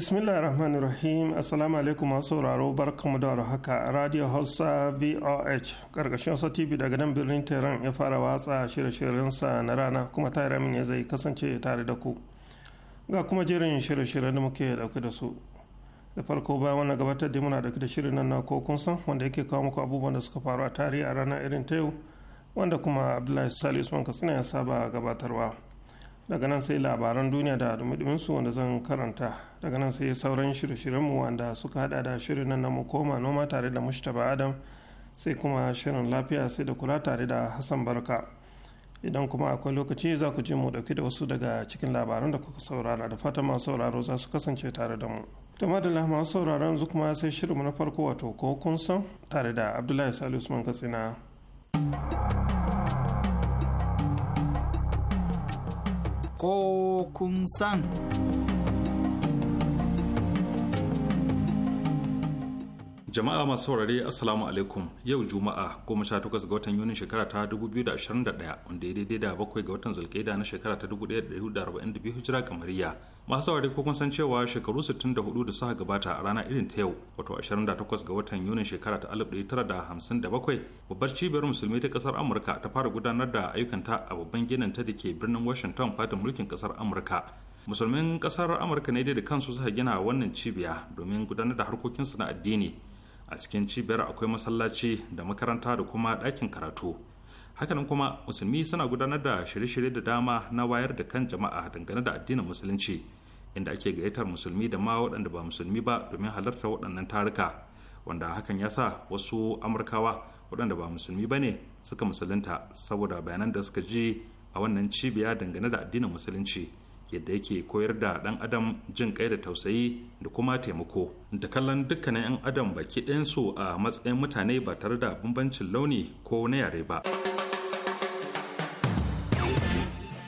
bismillah rahman rahim assalamu alaikum masu sauraro barkamu da haka radio hausa voh karkashin wasa tv daga nan birnin tehran ya fara watsa shirye-shiryensa na rana kuma tare min ya zai kasance tare da ku ga kuma jerin shirye-shiryen da muke dauke da su da farko bayan wannan gabatar da muna dauke da shirin nan na ko kun san wanda yake kawo muku abubuwan da suka faru a tarihi a rana irin ta yau wanda kuma abdullahi salisu usman katsina ya saba gabatarwa daga nan sai labaran duniya da dumi wanda zan karanta daga nan sai sauran shirye-shiryenmu wanda suka hada da shirin nan na mu koma noma tare da mushtaba adam sai kuma shirin lafiya sai da kula tare da hassan barka idan kuma akwai lokaci za ku je mu dauki da wasu daga cikin labaran da kuka saurara da fatan masu sauraro za su kasance tare da mu da madalla masu sauraro yanzu kuma sai shirinmu na farko wato ko kun san tare da abdullahi salisu man katsina こうくんさん jama'a masu saurare assalamu alaikum yau juma'a 18 ga watan yunin shekara ta 2021 wanda ya daidai da bakwai ga watan zulkaida na shekara ta 1442 hijira kamariya masu saurare ko kun san cewa shekaru 64 da suka gabata a rana irin ta yau wato 28 ga watan yunin shekara ta 1957 babbar cibiyar musulmi ta kasar amurka ta fara gudanar da ayyukanta a babban ginin ta da ke birnin washington fatan mulkin kasar amurka musulmin kasar amurka ne da kansu suka gina wannan cibiya domin gudanar da harkokinsu na addini a cikin cibiyar akwai masallaci da makaranta da kuma ɗakin karatu hakanan kuma musulmi suna gudanar da shirye-shirye da dama na wayar da kan jama'a dangane da addinin musulunci inda ake gayyatar musulmi da ma waɗanda ba musulmi ba domin halarta waɗannan taruka wanda hakan ya sa wasu amurkawa waɗanda ba musulmi ba ne suka musulunta saboda bayanan da suka ji a wannan cibiya dangane da addinin musulunci yadda yake koyar da ɗan adam jin kai da tausayi da kuma taimako da kallon dukkanin 'yan adam baki ɗayansu a matsayin mutane ba tare da bambancin launi ko na yare ba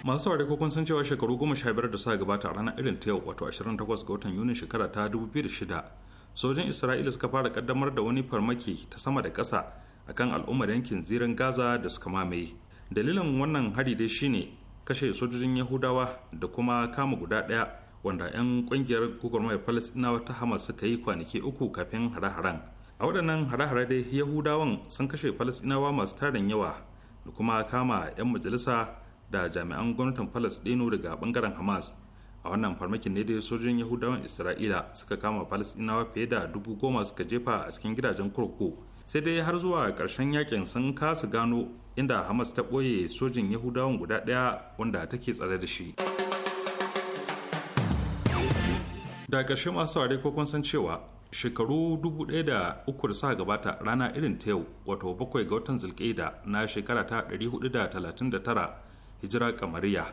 masu saurari ko kun cewa shekaru goma sha biyar da suka gabata a ranar irin ta yau wato 28 ga watan yunin shekara ta 2006 sojin isra'ila suka fara kaddamar da wani farmaki ta sama da ƙasa akan al'ummar yankin zirin gaza da suka mamaye dalilin wannan hari dai shine kashe sojojin yahudawa da kuma kama guda ɗaya wanda 'yan kungiyar mai palestinawa ta hamas suka yi kwanaki uku kafin hare a waɗannan hare-hare dai yahudawan sun kashe palestinawa masu tarin yawa da kuma kama 'yan majalisa da jami'an gwamnatin palestino daga bangaren hamas a wannan farmakin ne dai sojojin yahudawan isra'ila suka kama palestinawa fiye da dubu goma suka jefa a cikin gidajen kurkuku sai dai har zuwa ƙarshen yakin sun kasa gano inda hamas ta ɓoye sojin yahudawan guda ɗaya wanda take tsare da shi da ƙarshe masu saurare ko kun san cewa shekaru dubu daya da uku da suka gabata rana irin ta yau wato bakwai ga watan zulkaida na shekara ta 439 hijira kamariya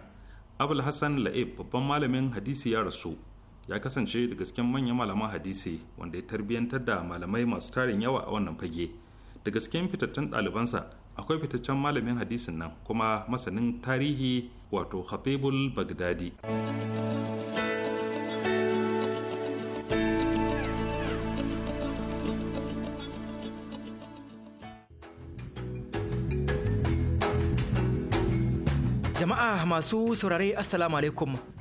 abul hassan la'ib babban malamin hadisi ya rasu ya kasance da gasken manyan malaman hadisi wanda ya tarbiyantar da malamai masu tarin yawa a wannan fage da gasken fitattun ɗalibansa akwai fitaccen malamin hadisin nan kuma masanin tarihi wato khatibul bagdadi jama'a masu saurare assalamu alaikum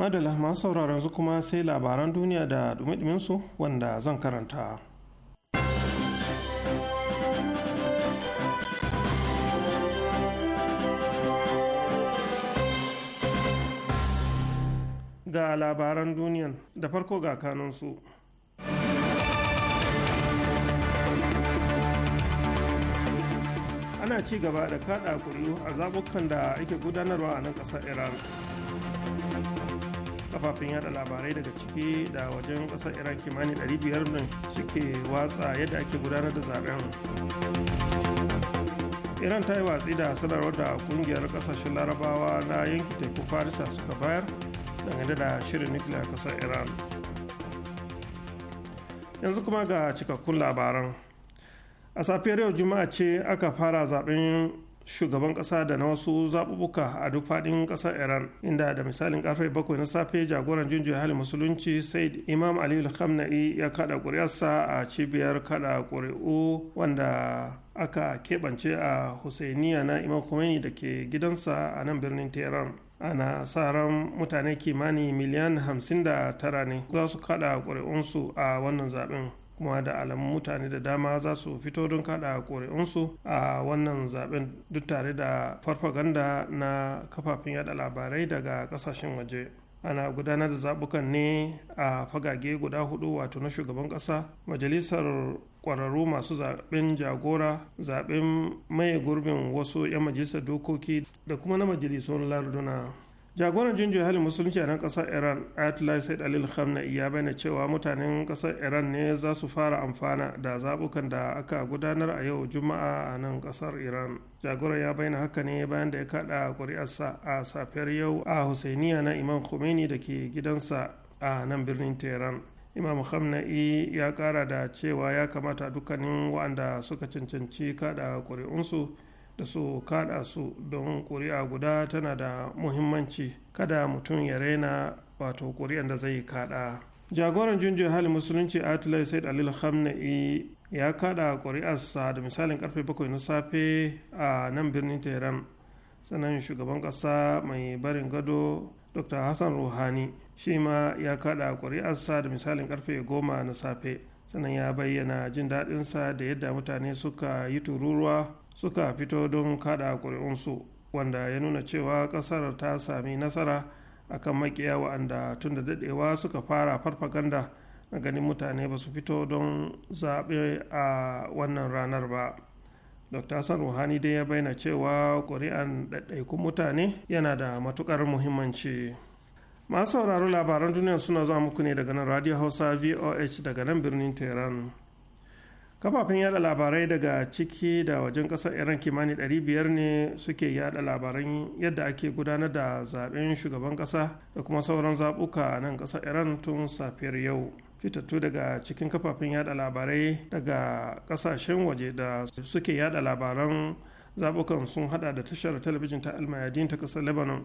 madala masu sauraron su kuma sai labaran duniya da dumi wanda zan karanta ga labaran duniyan da farko ga kanunsu ana ci gaba da kada kullu a zabukan da ake gudanarwa a nan ƙasar iran kafafen yada labarai daga ciki da wajen kasar iran kimani 500 nan suke watsa yadda ake gudanar da zaben iran ta yi watsi da sanarwar da kungiyar kasashen larabawa na yanki teku farisa suka bayar dangane da shirin nukiliyar kasar iran yanzu kuma ga cikakkun labaran a safiyar yau juma'a ce aka fara zaben shugaban ƙasa da na wasu zaɓuɓɓuka a duk faɗin ƙasar iran inda da misalin ƙarfe bakwai na safe jagoran junjiyar hali musulunci said imam aliyu khamna'i ya kaɗa ƙuri'arsa a cibiyar kaɗa ƙuri'u wanda aka keɓance a husainiya na imam khomeini da ke gidansa a nan birnin tehran ana sa ran mutane kimanin miliyan hamsin da tara ne za su kaɗa ƙuri'unsu a wannan zaɓen kuma da alamun mutane da dama za su fito don kada ƙuri'unsu a wannan zaben duk tare da farfaganda na kafafen yada labarai daga ƙasashen waje ana gudanar da zaɓukan ne a fagage guda hudu wato na shugaban ƙasa majalisar ƙwararru masu zaben jagora zaɓen mai gurbin wasu 'yan majalisar dokoki da kuma na majalisun larduna jagoran jinjin halin musulunci a nan kasar iran ayatollah said alil khamenei ya bayyana cewa mutanen kasar iran ne za su fara amfana da zabukan da aka gudanar a yau juma'a a nan kasar iran jagoran ya bayyana haka ne bayan da ya kada kuri'arsa a safiyar yau a husainiya na imam khomeini da ke gidansa a nan birnin tehran imam khamenei ya kara da cewa ya kamata dukkanin waɗanda suka cancanci kada ƙuri'unsu. da su kada su don ƙuri'a guda tana da muhimmanci kada mutum ya raina wato ƙuri'ar da zai kada jagoran junjin hali musulunci atulai sai dalil hamna'i ya kada kuri'arsa da misalin karfe bakwai na safe a nan birnin tehran sannan shugaban kasa mai barin gado dr hassan ruhani shi ma ya kada ƙuri'arsa da misalin karfe goma na safe sannan ya bayyana jin daɗinsa da yadda mutane suka yi tururuwa suka fito don kada ƙuri'unsu wanda ya nuna cewa ƙasar ta sami nasara akan makiya wa'anda tun da daɗewa suka fara farfaganda na ganin mutane ba su fito don zaɓe a wannan ranar ba dr hassan ruhani dai ya bayyana cewa ƙuri'an ɗaiɗaikun mutane yana da matuƙar muhimmanci masu sauraro labaran duniya suna zuwa muku ne daga nan radio hausa voh daga nan birnin tehran kafafen yada labarai daga ciki da wajen kasar iran kimani 500 ne suke yada labaran yadda ake gudanar da zaben shugaban kasa da kuma sauran zabuka nan kasar iran tun safiyar yau fitattu daga cikin kafafen yada labarai daga kasashen waje da suke yada labaran zabukan sun hada da tashar talabijin ta almayadin ta kasar lebanon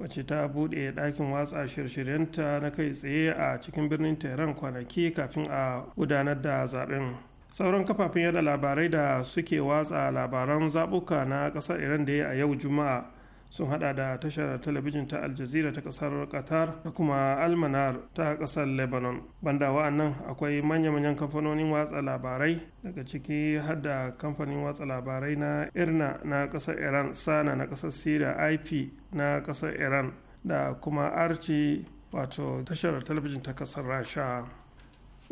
wacce ta buɗe dakin watsa shirye-shiryenta na kai tsaye a cikin birnin tehran kwanaki kafin a gudanar da zaben sauran kafafen yada labarai da suke watsa labaran zabuka na kasar iran da ya a yau juma'a sun hada da tashar talabijin ta aljazira ta kasar qatar da kuma almanar ta kasar lebanon banda wa'annan akwai manya-manyan kamfanonin watsa labarai daga ciki har da kamfanin watsa labarai na irna na kasar iran sana na kasar syria ip na kasar iran da kuma arci wato tashar talabijin ta kasar rasha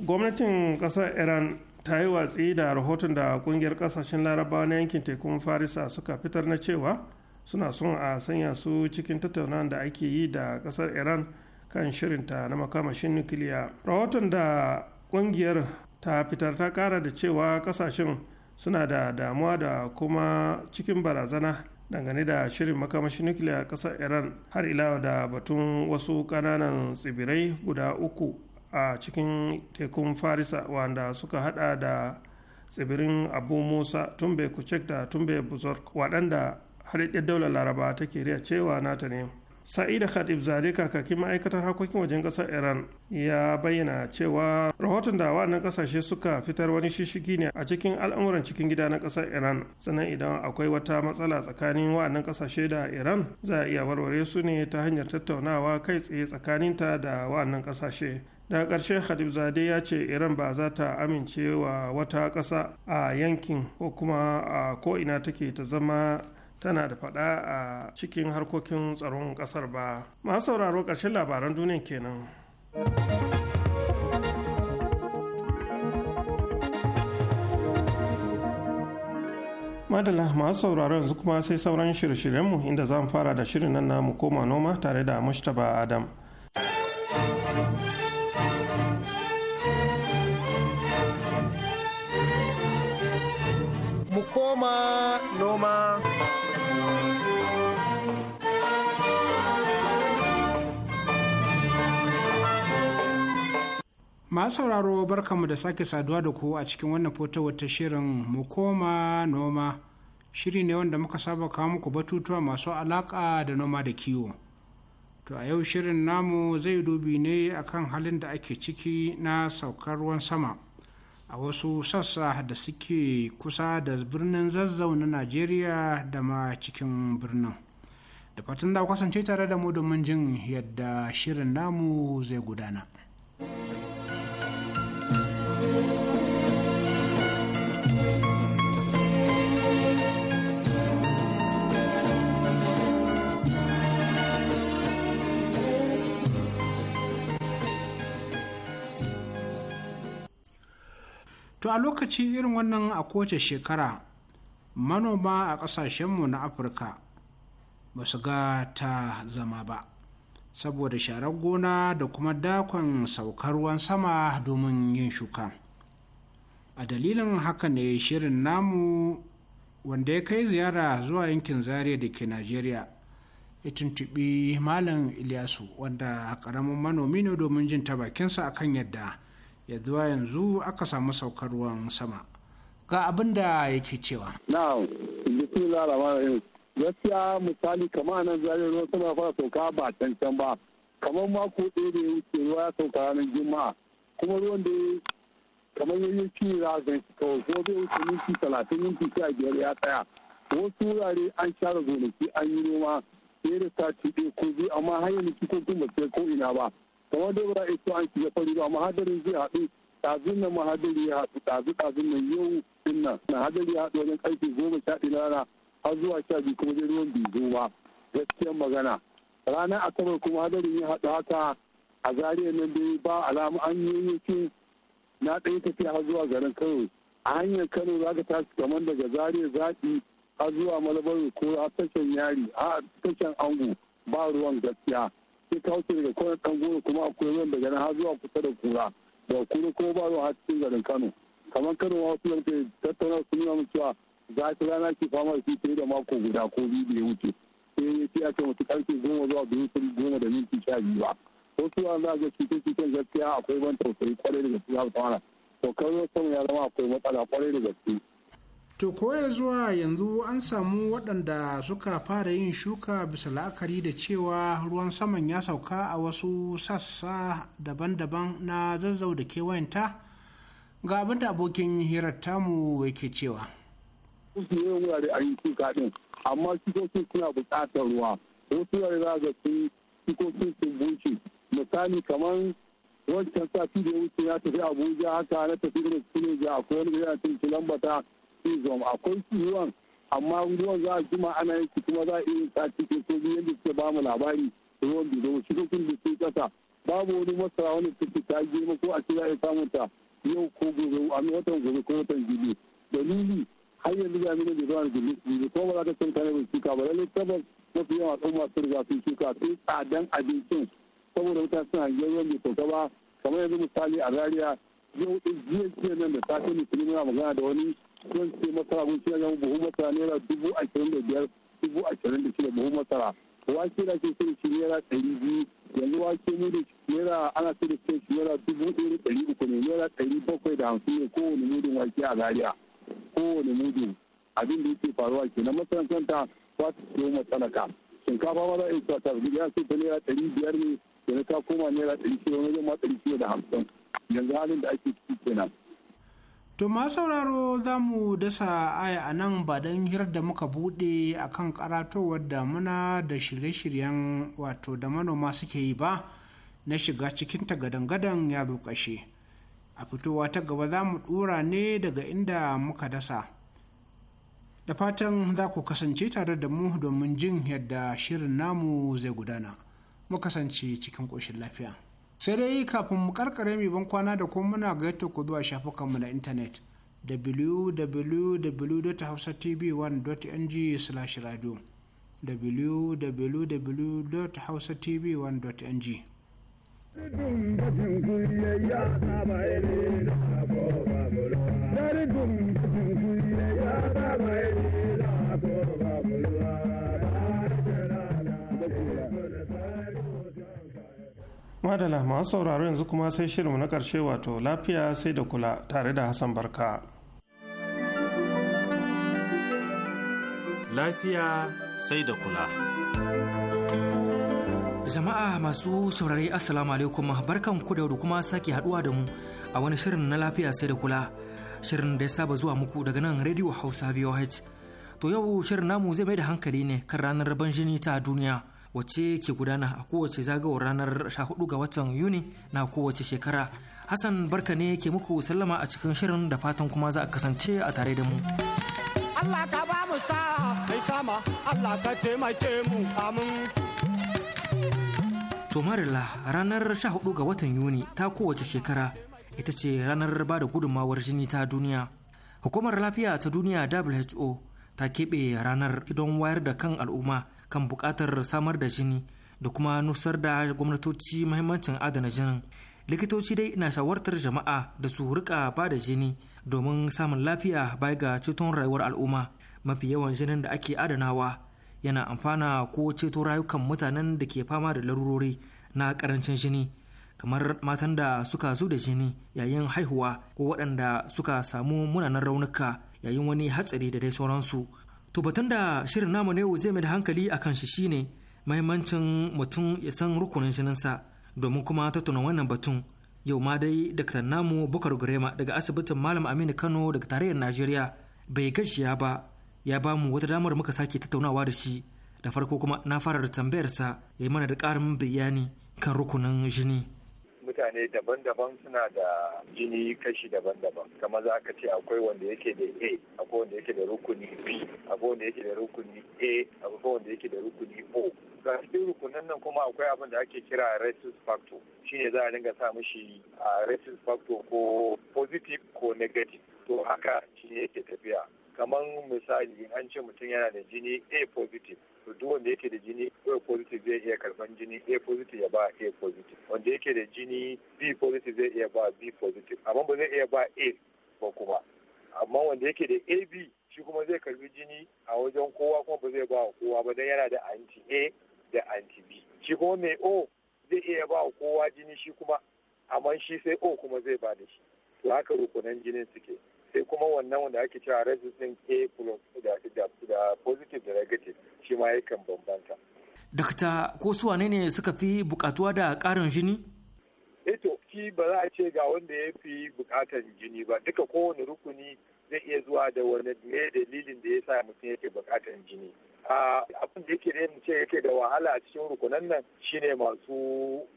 gwamnatin kasar iran ta yi watsi da rahoton da kungiyar kasashen larabawa na yankin tekun farisa suka fitar na cewa suna son a sanya su cikin tattaunawa da ake yi da kasar iran kan shirinta na makamashin nukiliya rahoton da kungiyar ta fitar ta kara da cewa kasashen suna da damuwa da kuma cikin barazana dangane da shirin makamashin nukiliya kasar iran har ila da batun wasu kananan tsibirai guda uku a cikin tekun farisa wanda suka hada da tsibirin abu musa tumbe kucek da tumbe buzor waɗanda haɗaɗɗen daular laraba ta riya cewa nata ne sa'ida khatib zade kakakin ma'aikatar harkokin wajen ƙasar iran ya bayyana cewa rahoton da waɗannan ƙasashe suka fitar wani shishigi ne a cikin al'amuran cikin gida na ƙasar iran sannan idan akwai wata matsala tsakanin waɗannan ƙasashe da iran za a iya warware su ne ta hanyar tattaunawa kai tsaye tsakaninta da waɗannan ƙasashe da ƙarshe khatib zade ya ce iran ba za ta amince wa wata ƙasa a yankin ko kuma a ko'ina take ta zama tana da faɗa a cikin harkokin tsaron ƙasar ba masu sauraro ƙarshen labaran duniya kenan madala masu sauraro yanzu kuma sai sauran shirye-shiryenmu inda za mu fara da shirin nan mu koma noma tare da mushtaba adam noma noma masu sauraro barkanmu da sake saduwa da ku a cikin wannan fotowar ta shirin mu koma noma shiri ne wanda muka saba kawo muku batutuwa masu alaka da noma da kiwo to a yau shirin namu zai dubi ne akan halin da ake ciki na saukar ruwan sama a wasu sassa da suke kusa da birnin zazzau na najeriya da ma cikin birnin da fatan za kasance tare da mu domin jin yadda shirin namu zai gudana. to a lokaci irin wannan a kowace shekara manoma a ƙasashenmu na afirka ba su ga ta zama ba saboda sharar gona da kuma dakon saukar ruwan sama domin yin shuka a dalilin haka ne shirin namu wanda ya kai ziyara zuwa yankin zaria da ke najeriya ya tuntubi malam ilyasu wanda ƙaramin manomi ne domin jin ta bakinsa akan yadda ya zuwa yanzu aka samu saukar ruwan sama ga abin da yake cewa na'am gaskiya misali kamar nan zai ruwan sama fara sauka ba cancan ba kamar mako ɗaya da ya ruwa ya sauka ranar juma'a kuma ruwan da kamar yayi ci za ga kawai ko zai wuce minti talatin minti sha biyar ya tsaya wasu wurare an share gonaki an yi noma fiye da sati ɗaya ko biyu amma hanyar yanzu kikokin ba sai ko ina ba kamar da ba ita an shiga fari ba mahadarin zai haɗu ɗazun nan mahadari ya haɗu ɗazu ɗazun nan yau din nan mahadari ya haɗu wajen ƙarfe goma sha ɗaya rana har zuwa sha biyu kuma zai ruwan bizo ba gaskiyar magana ranar asabar kuma hadarin ya haɗu haka a zariyar nan dai ba alamu an yi yankin na ɗaya tafiya har zuwa garin kano a hanyar kano za ka tashi kamar daga zariyar zaɓi har zuwa malabar ko a tashan yari a tashan ango ba ruwan gaskiya sai ta wuce daga kwanan ɗan goro kuma akwai ruwan daga nan har zuwa kusa da kura da kura kuma ba ruwa har cikin garin kano kamar kano ma wasu yanke tattauna su nuna mun cewa za ta rana ke fama da shi da mako guda ko biyu da ya wuce sai ya ce ake mutu karfe goma zuwa biyu sun goma da minti sha biyu ba wasu yawan za a ga cikin cikin gaskiya akwai ban tausayi kwarai da gaske ya fara to kawai sama ya zama akwai matsala kwarai da gaske to koya zuwa yanzu an samu waɗanda suka fara yin shuka bisa la'akari da cewa ruwan saman ya sauka a wasu sassa daban-daban na zazzau da kewayenta ga abin da abokin hirar tamu yake cewa amma shukokin suna buƙatar ruwa wasu yare za ga sun shukokin sun bushe misali kamar wancan sati da ya wuce ya tafi abuja haka na tafi da ne ga akwai wani gari a cikin lambata izom akwai ruwan amma ruwan za a juma ana yanki kuma za a iya sa cikin sojin yadda suke ba mu labari ruwan da zama cikin da sun kasa babu wani masara wani suke ta girma ko a ce za a samun ta yau ko gobe a watan gobe ko watan jibi dalili har yanzu ga mini da zuwa da jibi ko ba za ka san kare mai shuka ba lalle tabbas mafi a al'umma sun riga sun shuka sai tsadan abincin saboda mutane suna yawan mai sauka ba kamar yanzu misali a zaria yau jiya jiya nan da safe musulmi muna magana da wani zan ce masara kun ce ga buhu masara naira dubu ashirin da biyar dubu ashirin da shida buhu masara wake na ce sai shi naira ɗari biyu yanzu wake ne da naira ana ce da shi naira dubu ɗaya da ɗari uku ne naira ɗari bakwai da hamsin ne kowane mudun wake a zaria kowane mudun abin da yake faruwa ke na masana'anta ba ta siyo matsalaka shinkafa ma za a yi ta tarbi ya ce ta naira ɗari biyar ne yanzu ta koma naira ɗari shida wani zama ɗari shida da hamsin yanzu halin da ake ciki kenan To ma sauraro za mu dasa aya a nan ba don hirar da muka buɗe a kan karatowar damuna da shirye-shiryen wato da manoma suke yi ba na shiga cikin tagadangadan, ya zo ƙashe. A fitowa ta gaba za mu ɗora ne daga inda muka dasa. Da fatan za ku kasance tare da mu domin jin yadda shirin namu zai gudana. Mu kasance cikin ƙoshin lafiya. sai dai kafin mu karkare mai ban kwana da kuma muna ga yadda ku zuwa shafukanmu na intanet www.hausatv1.ng/radio www.hausatv1.ng Dari dum dum ya ta mai ne ko ba mu. Dari dum dum ya ta mai ne ko madala masu sauraro yanzu kuma sai shirinmu na ƙarshe wato lafiya sai da kula tare da hassan barka lafiya sai da kula jama'a masu saurari assalamu alaikum barkan ku da kuma sake haduwa da mu a wani shirin na lafiya sai da kula shirin da ya saba zuwa muku daga nan rediyo hausa voh to yau shirin namu zai mai da hankali ne kan ranar ban jini ta duniya wace ke gudana a kowace zagawar ranar 14 ga watan Yuni na kowace shekara. Hassan barka ne ke muku sallama a cikin shirin da fatan kuma za a kasance a tare da mu. Allah ka ba mu sa mai sama Allah ka taimake mu amin. To marilla ranar 14 ga watan Yuni ta kowace shekara ita ce ranar ba da gudunmawar jini ta duniya. Hukumar lafiya ta duniya WHO ta keɓe ranar don wayar da kan al'umma kan buƙatar samar da jini da kuma nusar da gwamnatoci mahimmancin adana jinin likitoci dai na shawartar jama'a da su rika ba da jini domin samun lafiya bai ga ceton rayuwar al'umma mafi yawan jinin da ake adanawa yana amfana ko ceto rayukan mutanen da ke fama da larurori na karancin jini kamar matan da suka zo da jini yayin haihuwa ko waɗanda suka samu munanan raunuka yayin wani hatsari da dai sauransu To batun da shirin namu ne zai mai da hankali a kan shi shine mahimmancin mutum ya san rukunin jininsa domin kuma tuna wannan batun yau ma dai dakta namu Bukar Gurema daga asibitin Malam Aminu Kano daga tarayyar Najeriya bai gashiya ba ya ba mu wata damar muka sake tattaunawa da shi da farko kuma na fara da tambayarsa ya yi mana da ƙarin bayani kan rukunin jini. mutane daban-daban suna da jini kashi daban-daban kamar za ka ce akwai wanda yake da a akwai wanda yake da rukuni b akwai wanda yake da rukuni a akwai wanda yake da rukuni o ga cikin rukunin nan kuma akwai abin da ake kira rhesus factor shine za a dinga sa mishi a ah, rhesus factor ko positive ko negative to haka shi yake tafiya kamar misali an ce mutum yana da jini a positive to duk wanda yake da jini a positive zai iya karban jini a positive ya ba a positive wanda yake da jini b positive zai iya ba b positive amma ba zai iya ba a ba kuma amma wanda yake da ab shi kuma zai karbi jini a wajen kowa kuma ba zai ba kowa ba dan yana da anti a da anti b shi kuma mai o zai iya ba kowa jini shi kuma amma shi sai o kuma zai ba da shi to haka rukunan jinin suke sai kuma wannan wanda ake cewa resistant k plus da positive da negative shi ma yakan bambanta dakta ko su wane ne suka fi bukatuwa da karin jini eto eh shi ba za a ce ga wanda ya fi bukatar jini ba duka kowane rukuni zai iya zuwa da wani ne dalilin da ya sa mutum yake bukatar jini abin da yake mu ce yake da wahala a cikin rukunan nan shine masu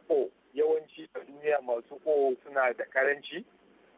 o yawanci a duniya masu o suna da karanci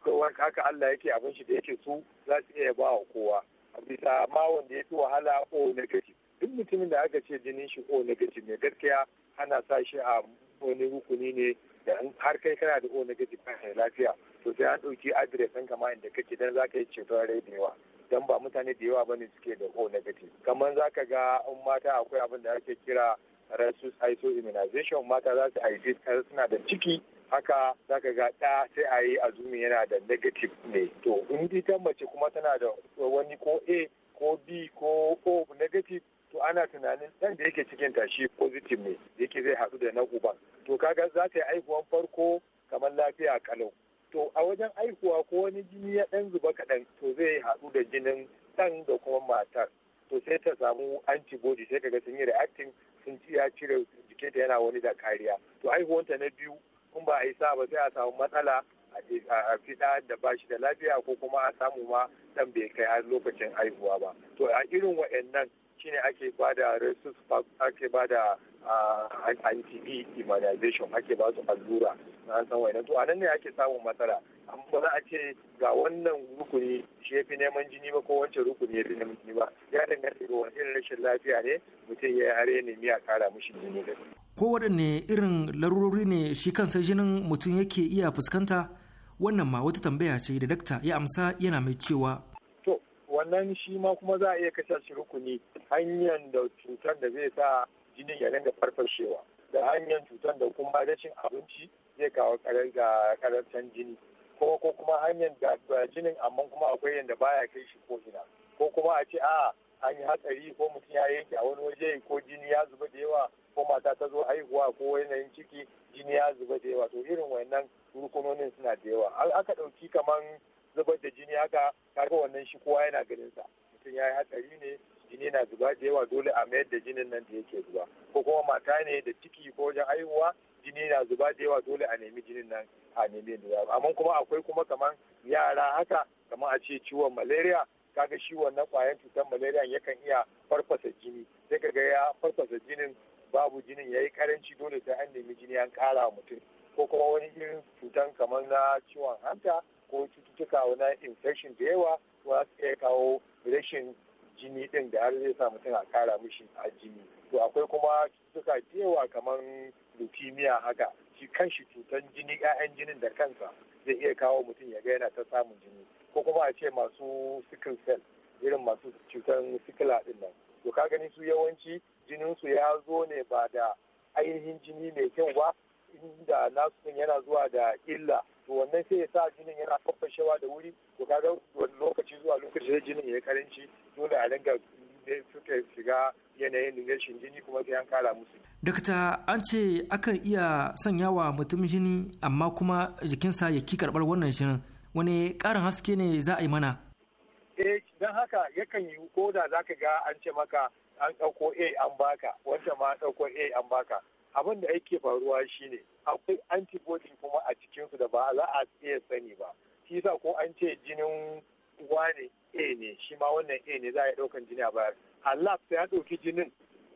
kowa haka Allah yake abin shi da yake su za su iya ba wa kowa a bisa ma wanda ya fi wahala o negative duk mutumin da aka ce jinin shi o negative ne gaskiya ana sa shi a wani rukuni ne da har kai kana da o negative kan lafiya to sai an ɗauki adres ɗin kama inda kake dan za ka yi ceton rai da yawa dan ba mutane da yawa ba ne suke da o negative kamar za ka ga in mata akwai abin da ake kira rasu iso immunization mata za su haifi suna da ciki haka zaka ga ɗa sai a yi azumi yana da negative ne to in ita mace kuma tana da wani ko a ko b ko o negative to ana tunanin ɗan da yake cikin tashi positive ne yake zai haɗu da na uban to kaga za ta yi aihuwan farko kamar lafiya kalau to a wajen aihuwa ko wani jini ya ɗan zuba kaɗan to zai haɗu da jinin ɗan da kuma matar to sai ta samu antibody sai kaga sun yi reacting sun ci ya cire jikinta yana wani da kariya to aihuwanta na biyu in ba a yi sa ba sai a samu matsala a fita da ba shi da lafiya ko kuma a samu ma dan bai kai har lokacin haihuwa ba to a irin wa'annan shine ake bada resus ake bada A ITB e immunization ake ba su allura na san na to anan ne ake samun matsala amma ba za a ce ga wannan rukuni shi ya fi neman jini ba ko wancan rukuni ya fi neman jini ba ya danganta ga wani irin rashin lafiya ne mutum ya har ne miya kara mushi jini da ko waɗanne irin larurori ne shi kansa jinin mutum yake iya fuskanta wannan ma wata tambaya ce da dakta ya amsa yana mai cewa wannan shi ma kuma za a iya kashe shi rukuni hanyar da cutar da zai sa jinin ya da farfashewa da hanyar cutar da kuma rashin abinci zai kawo karancin jini ko ko kuma hanyar da jinin amma kuma akwai yadda baya kai shi ko ina ko kuma a ce a an yi hatsari ko mutum ya yanke a wani waje ko jini ya zuba da yawa ko mata ta zo haihuwa ko yanayin ciki jini ya zuba da yawa to irin wannan rukunonin suna da yawa aka ɗauki kaman zubar da jini haka kaga wannan shi kowa yana ganin sa mutum ya yi hatsari ne jini na zuba da yawa dole a mayar da jinin nan da yake zuba ko kuma mata ne da ciki ko wajen haihuwa jini na zuba da yawa dole a nemi jinin nan a nemi da amma kuma akwai kuma kamar yara haka kamar a ce ciwon malaria kaga shi wannan kwayan cutar malaria yakan iya farfasa jini sai kaga ya farfasa jinin babu jinin yayi karanci dole sai an nemi jini an kara mutum ko kuma wani irin cutan kamar na ciwon hanta ko cututtuka na infection da yawa za su iya kawo rashin jini ɗin da har zai sa mutum a kara mishi a jini to akwai kuma cututtuka da yawa kamar leukemia haka shi kanshi cutan jini 'ya'yan jinin da kansa zai iya kawo mutum ya ga yana ta samun jini ko kuma a ce masu sickle cell irin masu cutan sikila din nan to ka gani su yawanci jininsu ya zo ne ba da ainihin jini mai kyau ba inda nasu yana zuwa da illa to wannan sai ya sa jinin yana fafashewa da wuri to kaga wani lokaci zuwa lokaci sai jinin ya karanci dole a dinga suka shiga yanayin rashin jini kuma sai an kara musu. Dakta an ce akan iya sanya wa mutum jini amma kuma jikinsa ya ki karɓar wannan jinin wani ƙarin haske ne za a yi mana. Eh don haka yakan yi ko da za ga an ce maka an ɗauko A an baka wanda ma an ɗauko A an baka abin da yake faruwa shine akwai ba za a iya sani ba shi sa ko an ce jinin wani a ne shi ma wannan a ne za a ɗaukan jini a bayar allah sai ya ɗauki jinin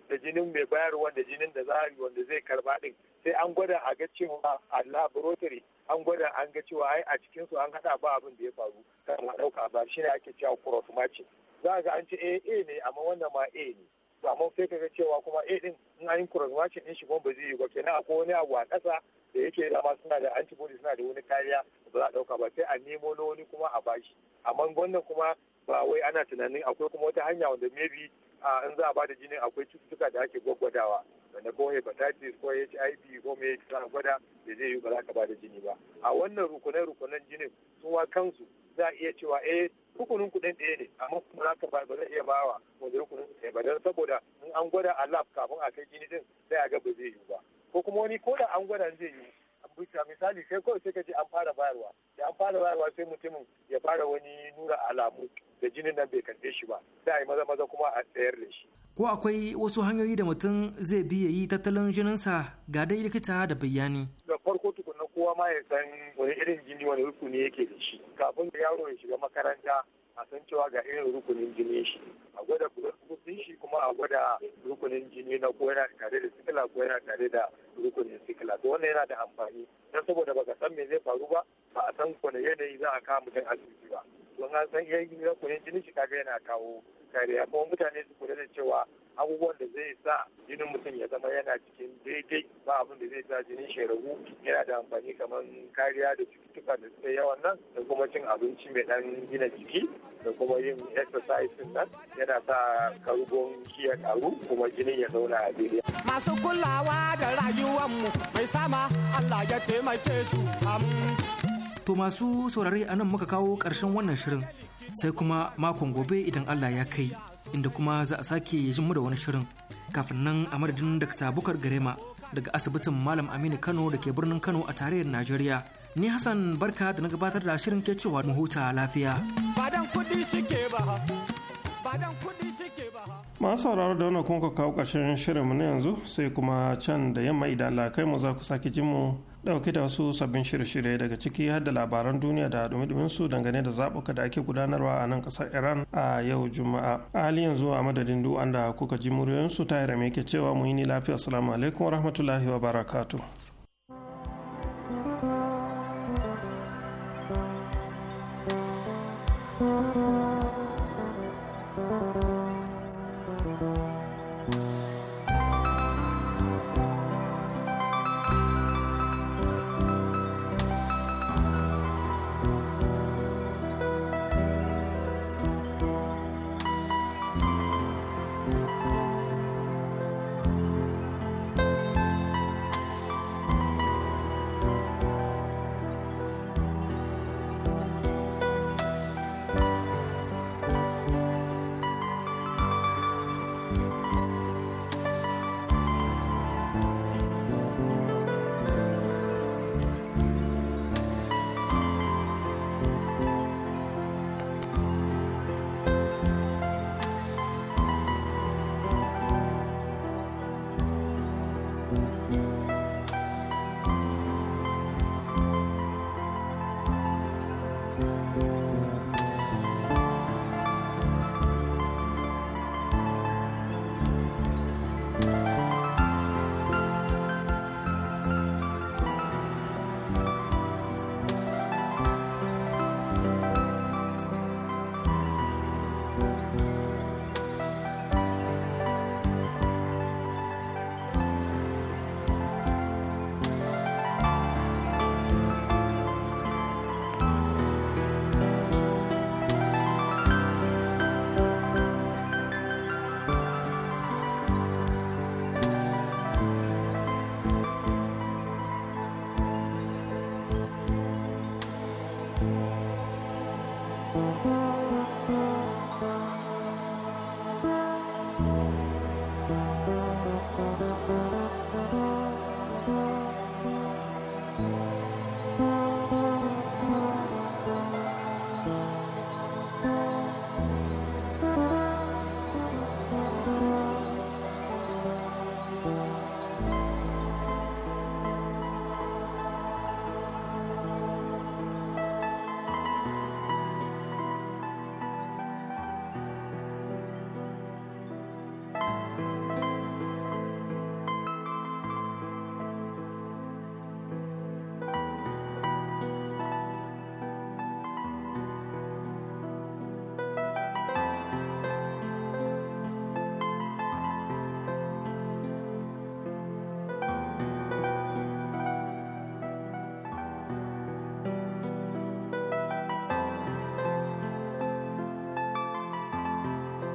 da jinin mai bayar wanda jinin da za wanda zai karba din. sai an gwada a ga cewa a laboratory an gwada an ga cewa ai a cikin su an hada ba abin da ya faru kan a ɗauka ba shi ne ake cewa cross matching za ga an ce eh, a ne amma wannan ma a ne ba amma sai ka ga cewa kuma eh din in an yi cross din shi ba zai yi ba kenan akwai wani abu a ƙasa da yake dama suna da antibody suna da wani kariya ba za a ɗauka ba sai a nemo na wani kuma a bashi amma wannan kuma ba wai ana tunanin akwai kuma wata hanya wanda maybe ah, in za a bada jinin akwai cututtuka da ake gwaggwadawa wanda ko hepatitis ko hiv ko me za a gwada da zai yi ba za ka ba da jini ba a wannan rukunai rukunan jinin sun wa kansu za a iya cewa eh rukunin kuɗin ɗaya ne amma kuma za ka ba zai iya wa wanda rukunin ɗaya ba don saboda in an gwada a lab kafin a kai jini din sai a ga ba zai yi ba ko kuma wani ko da an gwada zai yi bisa misali sai kawai sai ka je an fara bayarwa da an fara bayarwa sai mutumin ya fara wani nura alamu da jinin nan bai karɓe shi ba sai a yi maza maza kuma a tsayar da shi ko akwai wasu hanyoyi da mutum zai bi ya yi tattalin jininsa ga dai likita da bayani. Da farko tukuna kowa ma ya san wani irin jini wani rukuni yake da shi kafin yaro ya shiga makaranta a san cewa ga irin rukunin jini shi a gwada rukunin shi kuma a gwada rukunin jini na ko yana tare da sikila ko yana tare da rukunin sikila to wannan yana da amfani don saboda baka san me zai faru ba ba a san kwane yanayi za a kawo mutum asibiti ba don an san yayin rukunin jini shi kaga yana kawo kariya kuma mutane su kula da cewa abubuwan da zai sa jinin mutum ya zama yana cikin daidai ba abin da zai sa jinin shi ragu yana da amfani kamar kariya da cututtuka da suke yawan nan da kuma cin abinci mai dan gina jiki da kuma yin exercise nan yana sa kargon shi ya karu kuma jinin ya zauna a daidai. Masu kulawa da rayuwanmu mai sama Allah ya taimake su To masu saurare a nan muka kawo ƙarshen wannan shirin sai kuma makon gobe idan Allah ya kai inda kuma za a sake jin mu da wani shirin kafin nan a madadin Dakta Bukar Garema daga asibitin Malam Aminu Kano da ke birnin Kano a tarayyar Najeriya. Ni Hassan Barka da na gabatar da shirin ke cewa mu huta lafiya. Ba dan kuɗi suke ba. masu sauraro da wani kuma kawo ƙarshen shirinmu na yanzu sai kuma can da yamma idan lakai mu za ku sake jin mu dauke da wasu sabbin shirye-shirye daga ciki har da labaran duniya da dumi su dangane da zaɓuka da ake gudanarwa a nan kasar iran a yau juma'a a hali yanzu a madadin duk da kuka ji su ta yi ke cewa mu yi ni lafiya assalamu alaikum wa barakatu. thank you